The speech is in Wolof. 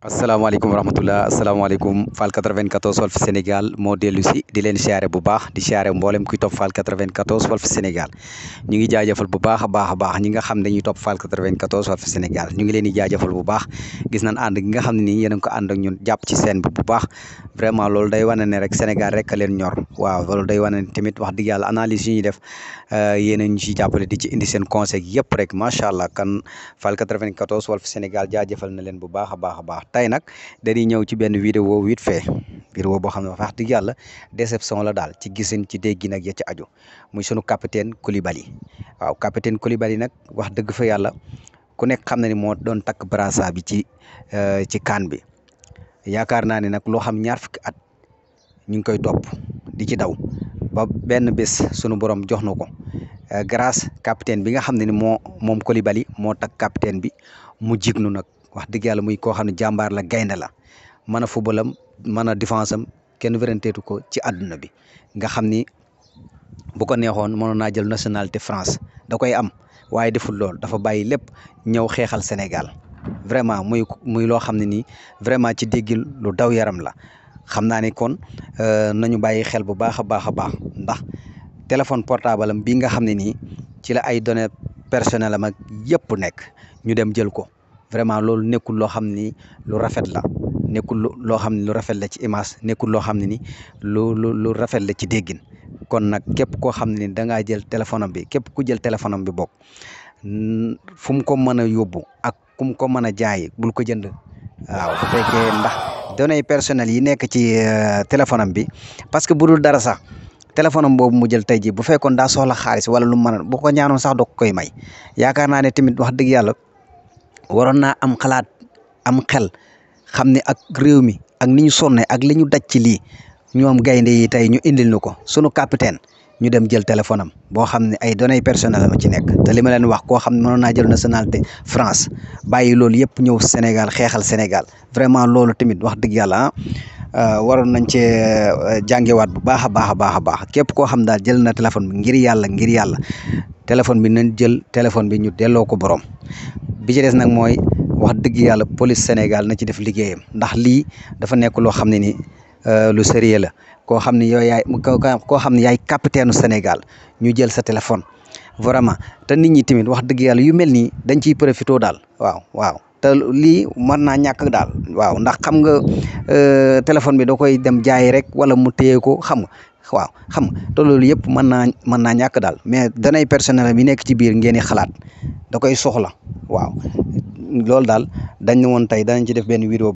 asalaamaaleykum wa rahmatulah asalaamaaleykum Fall 94 Walf Sénégal moo dellu si di leen siyaare bu baax di siyaare mboolem kuy top Fall 94 Walf Sénégal ñu ngi jaajëfal bu baax a baax a baax ñi nga xam dañuy topp Fall 94 Walf Sénégal ñu ngi leen di jaajëfal bu baax gis nañ ànd gi nga xam ne nii yéen a ko ànd ak ñun jàpp ci seen bi bu baax vraiment loolu day wane ne rek Sénégal rek a leen ñor waaw loolu day wane ne tamit wax dëgg yàlla analyse yi ñuy def euh, yéen a ñu ciy jàppale di ci indi seen conseil yëpp rek macha allah kan Fall 94 Walf Sénégal jaajëfal na leen bu baax a baax a baax tey nag dañuy ñëw ci benn vidéo vite fait vidéo boo xam ne wax dëgg yàlla déception la daal ci gisin ci déggin ak ya ci aju muy sunu capitaine Koulibaly waaw capitaine Koulibaly nag wax dëgg fa yàlla ku nekk xam na ni moo doon takk brassard bi ci euh, ci CAN bi. yaakaar naa ne nag loo xam ñaar fukki at ñu ngi koy topp di ci daw ba benn bés sunu borom jox na ko eh, grâce capitaine bi nga xam ne ni moo moom Koulibaly moo takk capitaine bi mu nu nag wax dëgg yàlla muy koo xam ne jàmbaar la gaynde la mën a footballam mën a défense am kenn wéranteetu ko ci àdduna bi nga xam ni bu ko neexoon mënoon naa jël nationalité France da koy am waaye deful lool dafa bàyyi lépp ñëw xeexal Sénégal vraiment muy muy loo xam ne nii vraiment ci déggin lu daw yaram la xam naa ni kon euh, nañu bàyyi xel bu baax a baax a baax ndax téléphone portable am bii nga xam ne nii ci la ay données personnelles am ak yëpp nekk ñu dem jël ko vraiment loolu nekkul loo xam ni lu rafet la nekkul loo xam ne lu rafet la ci image nekkul loo xam ne ni lu lu lu rafet la ci déggin kon nag képp koo xam ni da ngaa jël téléphone am bi képp ku jël téléphone am bi bokk ko mën a yóbbu kum ko mën a jaay bul ko jënd waaw bu fekkee ndax données personnelles yi nekk ci euh, téléphone am bi parce que budul dara sax téléphone am boobu mu jël tey jii bu fekkoon daa soxla xaalis wala lu mën a bu ko sax doo koy may yaakaar naa ne tamit wax dëgg yàlla waroon naa am xalaat am xel xam ne ak réew mi ak ni ñu sonne ak li ñu daj ci lii ñoom gaynde yi tey ñu indil ñu ko sunu capitaine ñu dem jël téléphone am boo xam ne ay données personnelles am ci nekk te li ma leen wax ko xam ne mënoon naa jël nationalité France bàyyi loolu yëpp ñëw Sénégal xeexal Sénégal vraiment loolu tamit wax dëgg yàlla ah, ah waroon nañ cee ah, jàngewaat bu baax a baax a baax a baax képp koo xam daal jël na téléphone bi ngir yàlla ngir yàlla téléphone bi nañ jël téléphone bi ñu delloo ko borom bi ci des nag mooy wax dëgg yàlla police Sénégal na ci def liggéeyam ndax lii dafa nekk loo xam ne nii. Euh, lu sérieux la koo xam ne yow yaay koo xam ne yaay capitaine Sénégal ñu jël sa téléphone vraiment te nit ñi tamit wax dëgg yàlla yu mel ni dañ ciy profité daal waaw waaw te lii mën naa ñàkk daal waaw ndax xam nga euh, téléphone bi da koy dem jaay rek wala mu téye ko xam nga waaw xam nga te loolu yëpp mën naa mën naa ñàkk daal mais danay personnel bi nekk ci biir ngeen di xalaat da koy soxla waaw loolu daal dañ ne woon ci def benn vidéo